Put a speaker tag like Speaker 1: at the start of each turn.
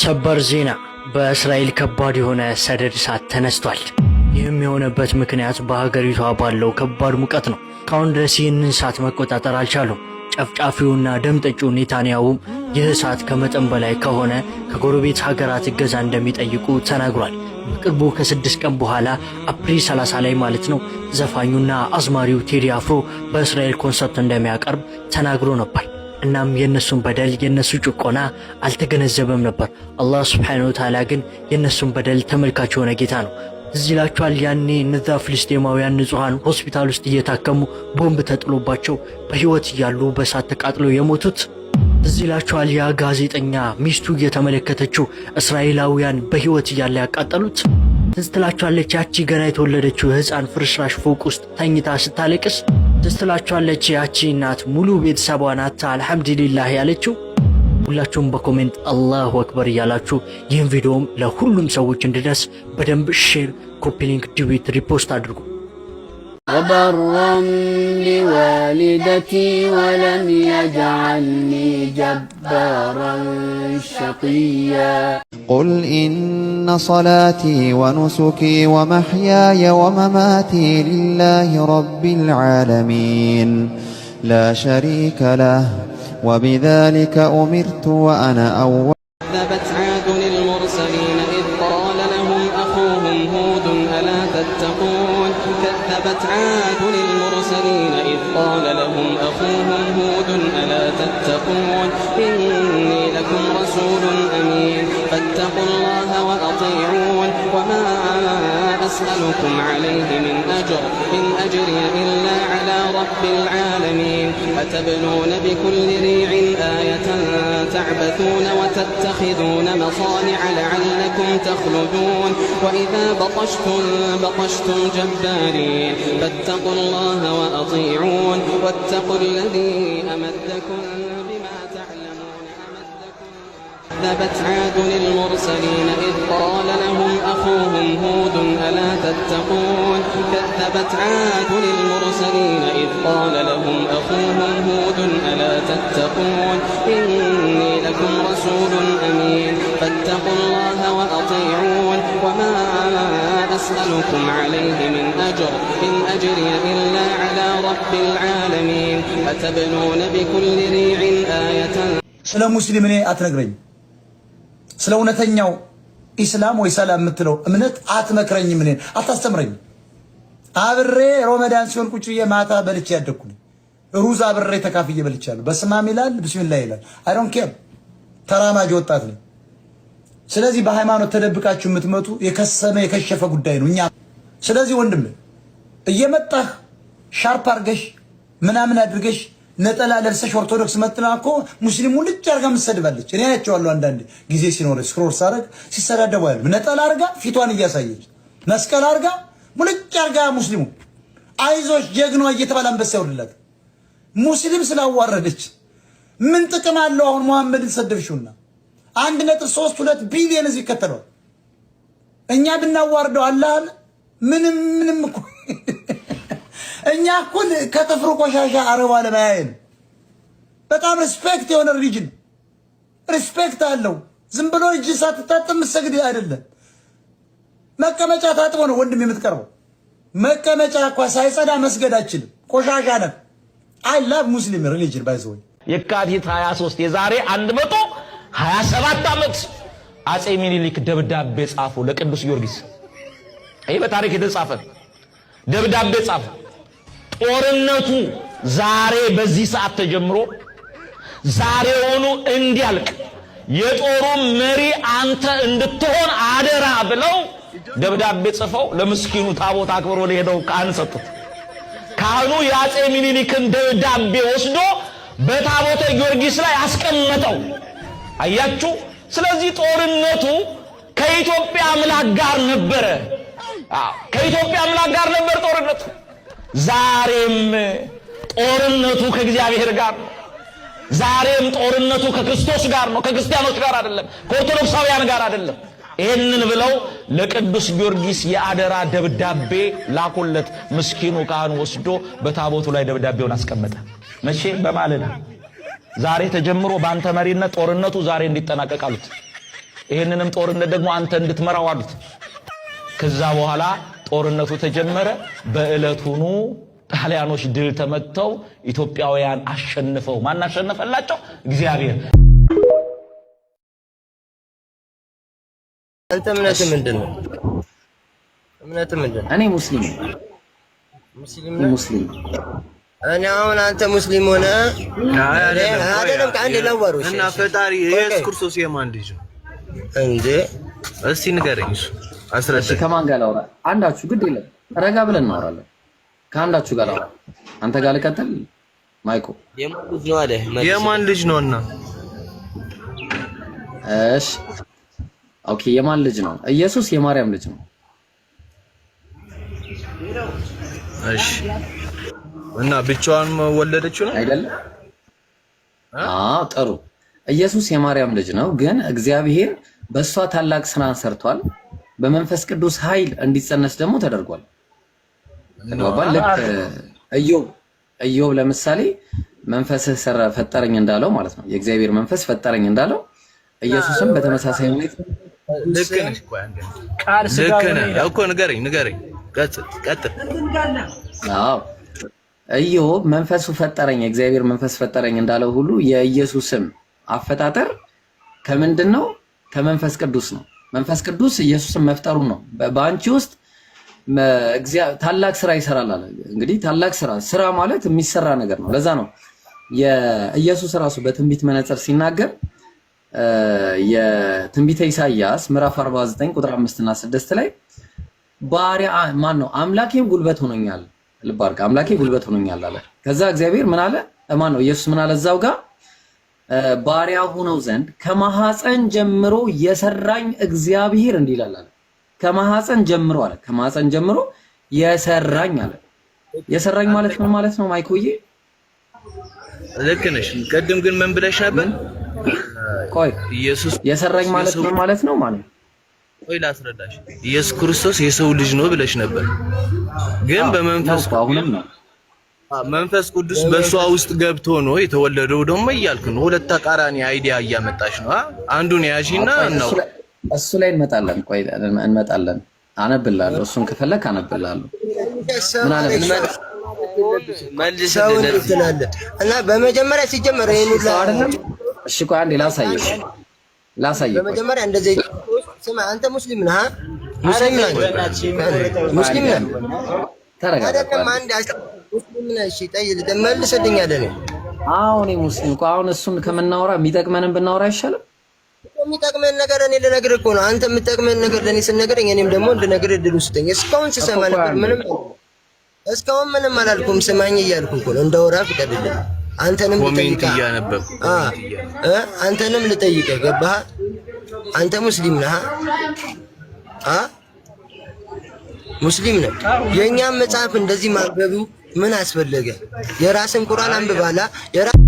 Speaker 1: ሰበር ዜና! በእስራኤል ከባድ የሆነ ሰደድ እሳት ተነስቷል። ይህም የሆነበት ምክንያት በሀገሪቷ ባለው ከባድ ሙቀት ነው። ካሁን ድረስ ይህንን እሳት መቆጣጠር አልቻሉም። ጨፍጫፊውና ደምጠጩ ኔታንያውም ይህ እሳት ከመጠን በላይ ከሆነ ከጎረቤት ሀገራት እገዛ እንደሚጠይቁ ተናግሯል። በቅርቡ ከስድስት ቀን በኋላ አፕሪል 30 ላይ ማለት ነው ዘፋኙና አዝማሪው ቴዲ አፍሮ በእስራኤል ኮንሰርት እንደሚያቀርብ ተናግሮ ነበር። እናም የነሱን በደል የነሱ ጭቆና አልተገነዘበም ነበር። አላህ ሱብሓነሁ ወተዓላ ግን የነሱን በደል ተመልካች የሆነ ጌታ ነው። እዚህ ይላችኋል። ያኔ እነዛ ፍልስጤማውያን ንጹሐን ሆስፒታል ውስጥ እየታከሙ ቦምብ ተጥሎባቸው በህይወት እያሉ በእሳት ተቃጥለው የሞቱት እዚህ ይላችኋል። ያ ጋዜጠኛ ሚስቱ እየተመለከተችው እስራኤላውያን በህይወት እያለ ያቃጠሉት ትዝ ትላችኋለች። ያቺ ገና የተወለደችው ሕፃን ፍርስራሽ ፎቅ ውስጥ ተኝታ ስታለቅስ ትስትላችኋለች ያቺ እናት ሙሉ ቤተሰቧ ናት አልሐምዱሊላህ ያለችው። ሁላችሁም በኮሜንት አላሁ አክበር እያላችሁ ይህን ቪዲዮም ለሁሉም ሰዎች እንዲደርስ በደንብ ሼር፣ ኮፒሊንክ፣ ዲዊት፣ ሪፖስት አድርጉ።
Speaker 2: ወበራን ቢዋሊደቲ ወለም የጅዐልኒ ጀባራን ሸቂያ قل إن صلاتي ونسكي ومحياي ومماتي لله رب العالمين لا شريك له وبذلك أمرت وأنا أول كذبت عاد للمرسلين إذ قال لهم أخوهم هود ألا تتقون إني لكم رسول أمين فاتقوا الله وأطيعون وما أسألكم عليه من أجر إن أجري إلا على رب العالمين أتبنون بكل ريع آية تعبثون وتتخذون مصانع لعلكم تخلدون وإذا بطشتم بطشتم جبارين فاتقوا الله وأطيعون واتقوا الذي أمدكم به كذبت عاد للمرسلين إذ قال لهم أخوهم هود ألا تتقون كذبت عاد للمرسلين إذ قال لهم أخوهم هود ألا تتقون إني لكم رسول أمين فاتقوا الله وأطيعون وما أسألكم عليه من أجر إن أجري إلا على رب العالمين أتبنون بكل ريع آية
Speaker 3: سلام مسلمين أتنقرين ስለ እውነተኛው ኢስላም ወይ ሰላም የምትለው እምነት አትመክረኝም፣ እኔን አታስተምረኝ። አብሬ ሮመዳን ሲሆን ቁጭ ብዬ ማታ በልቼ ያደግኩኝ ሩዝ አብሬ ተካፍዬ በልቻለሁ። በስማም ይላል፣ ብስሚላ ይላል። አይዶን ኬር ተራማጅ ወጣት ነኝ። ስለዚህ በሃይማኖት ተደብቃችሁ የምትመጡ የከሰመ የከሸፈ ጉዳይ ነው እኛ። ስለዚህ ወንድም እየመጣህ ሻርፕ አርገሽ ምናምን አድርገሽ ነጠላ ለብሰሽ ኦርቶዶክስ መጥና እኮ ሙስሊሙን ልጅ አርጋ ምሰድባለች። እኔ አያቸዋለሁ አንዳንድ ጊዜ ሲኖር ስክሮል ሳረግ ሲሰዳደቡ ያሉ ነጠላ አርጋ ፊቷን እያሳየች መስቀል አርጋ ሙልጭ አርጋ ሙስሊሙ አይዞሽ ጀግኖ እየተባለ አንበሳ ይወርድላት። ሙስሊም ስላዋረደች ምን ጥቅም አለው? አሁን መሐመድን ሰደብሽውና አንድ ነጥብ ሶስት ሁለት ቢሊየን እዚህ ይከተለዋል። እኛ ብናዋርደው አላህ ምንም ምንም እኮ በእኛ እኩል ከጥፍሩ ቆሻሻ አረብ ዓለም አያየን። በጣም ሪስፔክት የሆነ ሪሊጅን ሪስፔክት አለው። ዝም ብሎ እጅ ሳትታጥብ ምሰግድ አይደለም። መቀመጫ ታጥቦ ነው ወንድም የምትቀርበው። መቀመጫ እኳ ሳይጸዳ መስገድ አችልም። ቆሻሻ ነ አይ ላቭ ሙስሊም ሪሊጅን ባይዘወ
Speaker 4: የካቲት 23 የዛሬ 127 ዓመት አፄ ሚኒሊክ ደብዳቤ ጻፉ ለቅዱስ ጊዮርጊስ። ይህ በታሪክ የተጻፈ ደብዳቤ ጻፈ። ጦርነቱ ዛሬ በዚህ ሰዓት ተጀምሮ ዛሬውኑ እንዲያልቅ የጦሩ መሪ አንተ እንድትሆን አደራ ብለው ደብዳቤ ጽፈው ለምስኪኑ ታቦት አክብሮ ለሄደው ካህን ሰጡት። ካህኑ የአጼ ሚኒሊክን ደብዳቤ ወስዶ በታቦተ ጊዮርጊስ ላይ አስቀመጠው። አያችሁ። ስለዚህ ጦርነቱ ከኢትዮጵያ አምላክ ጋር ነበረ። ከኢትዮጵያ አምላክ ጋር ነበር ጦርነቱ። ዛሬም ጦርነቱ ከእግዚአብሔር ጋር ነው። ዛሬም ጦርነቱ ከክርስቶስ ጋር ነው፣ ከክርስቲያኖች ጋር አይደለም፣ ከኦርቶዶክሳውያን ጋር አይደለም። ይህንን ብለው ለቅዱስ ጊዮርጊስ የአደራ ደብዳቤ ላኩለት። ምስኪኑ ካህን ወስዶ በታቦቱ ላይ ደብዳቤውን አስቀመጠ። መቼ? በማለዳ ዛሬ ተጀምሮ በአንተ መሪነት ጦርነቱ ዛሬ እንዲጠናቀቅ አሉት። ይህንንም ጦርነት ደግሞ አንተ እንድትመራው አሉት። ከዛ በኋላ ጦርነቱ ተጀመረ። በዕለቱኑ ጣሊያኖች ድል ተመትተው ኢትዮጵያውያን አሸንፈው ማን አሸነፈላቸው? እግዚአብሔር።
Speaker 5: አንተ እምነት ምንድን ነው? እምነት ምንድን ነው?
Speaker 6: እኔ ሙስሊም ሙስሊም ነኝ። ሙስሊም
Speaker 7: እኔ አሁን አንተ ሙስሊም ሆነ
Speaker 8: አይደለም?
Speaker 7: ከአንድ ለወሩ
Speaker 9: እና ፈጣሪ ኢየሱስ ክርስቶስ የማን ልጅ እንዴ? እስቲ ንገረኝ እሱ አስረዳ።
Speaker 10: ከማን ጋር ላውራ? አንዳችሁ ግድ የለም ረጋ ብለን እናወራለን። ከአንዳችሁ ጋር ላውራ። አንተ ጋር ልቀጥል። ማይኮ
Speaker 11: የማን ልጅ ነው እና
Speaker 12: እሺ ኦኬ፣ የማን ልጅ ነው? ኢየሱስ የማርያም ልጅ ነው። እሺ እና ብቻዋን ወለደችው ነው አይደለ? አዎ ጥሩ። ኢየሱስ የማርያም ልጅ ነው፣ ግን እግዚአብሔር በእሷ ታላቅ ስራን ሰርቷል። በመንፈስ ቅዱስ ኃይል እንዲጸነስ ደግሞ ተደርጓል። ልክ ኢዮብ ለምሳሌ መንፈስህ ሰራ ፈጠረኝ እንዳለው ማለት ነው። የእግዚአብሔር መንፈስ ፈጠረኝ እንዳለው ኢየሱስም በተመሳሳይ ሁኔታ
Speaker 13: ልክ ነህ እኮ ንገረኝ፣ ንገረኝ፣ ቀጥል።
Speaker 12: አዎ ኢዮብ መንፈሱ ፈጠረኝ፣ የእግዚአብሔር መንፈስ ፈጠረኝ እንዳለው ሁሉ የኢየሱስም አፈጣጠር ከምንድን ነው? ከመንፈስ ቅዱስ ነው። መንፈስ ቅዱስ ኢየሱስን መፍጠሩ ነው። በአንቺ ውስጥ ታላቅ ስራ ይሰራል አለ። እንግዲህ ታላቅ ስራ ስራ ማለት የሚሰራ ነገር ነው። ለዛ ነው የኢየሱስ ራሱ በትንቢት መነጽር ሲናገር የትንቢተ ኢሳያስ ምዕራፍ 49 ቁጥር 5 እና 6 ላይ ባሪያ ማን ነው? አምላኬም ጉልበት ሆኖኛል። ልባርክ አምላኬ ጉልበት ሆኖኛል አለ። ከዛ እግዚአብሔር ምን አለ? ማን ነው? ኢየሱስ ምን አለ እዛው ጋር ባሪያ ሆነው ዘንድ ከማሐፀን ጀምሮ የሰራኝ እግዚአብሔር እንዲላል አለ። ከማሐፀን ጀምሮ አለ። ከማሐፀን ጀምሮ የሰራኝ አለ። የሰራኝ ማለት ምን ማለት ነው? ማይኮዬ
Speaker 13: ልክ ነሽ። ቅድም ግን ምን ብለሽ
Speaker 12: ቆይ ኢየሱስ የሰራኝ ማለት ምን ማለት ነው ማለት
Speaker 13: ቆይ ላስረዳሽ። ኢየሱስ ክርስቶስ የሰው ልጅ ነው ብለሽ ነበር፣ ግን በመንፈስ አሁንም ነው መንፈስ ቅዱስ በእሷ ውስጥ ገብቶ ነው የተወለደው። ደግሞ እያልክ ነው፣ ሁለት ተቃራኒ አይዲያ እያመጣች ነው። አንዱን ያዢና ነው
Speaker 12: እሱ ላይ እንመጣለን። ቆይ እንመጣለን። አነብላለሁ፣ እሱን ከፈለክ አነብላለሁ።
Speaker 14: እና በመጀመሪያ ሲጀመር
Speaker 12: እሺ ቆይ አንዴ ላሳየህ፣ ላሳየህ።
Speaker 15: በመጀመሪያ እንደዚህ ስማ፣ አንተ ሙስሊም ነህ? ሙስሊም ነህ? ሙስሊም ነህ? ተረጋጋ።
Speaker 12: አሁን ሙስሊም እኮ አሁን እሱን ከምናወራ የሚጠቅመንን ብናወራ አይሻልም?
Speaker 15: የሚጠቅመን ነገር እኔ ልነግርህ እኮ ነው። አንተ የምጠቅመን ነገር ለእኔ ስነግረኝ እኔም ደግሞ እንድነግርህ እድል እስካሁን ስሰማ ነበር። ምንም እስካሁን ምንም አላልኩም። ስማኝ እያልኩ እኮ ነው። እንደወራ ፍቀድልኝ። አንተንም ልጠይቅህ አንተንም ልጠይቅህ። ገባህ? አንተ ሙስሊም ነህ? ሙስሊም ነህ? የእኛም መጽሐፍ እንደዚህ ማንበቡ ምን አስፈለገ? የራስን ቁርአን አንብባላ። የራስ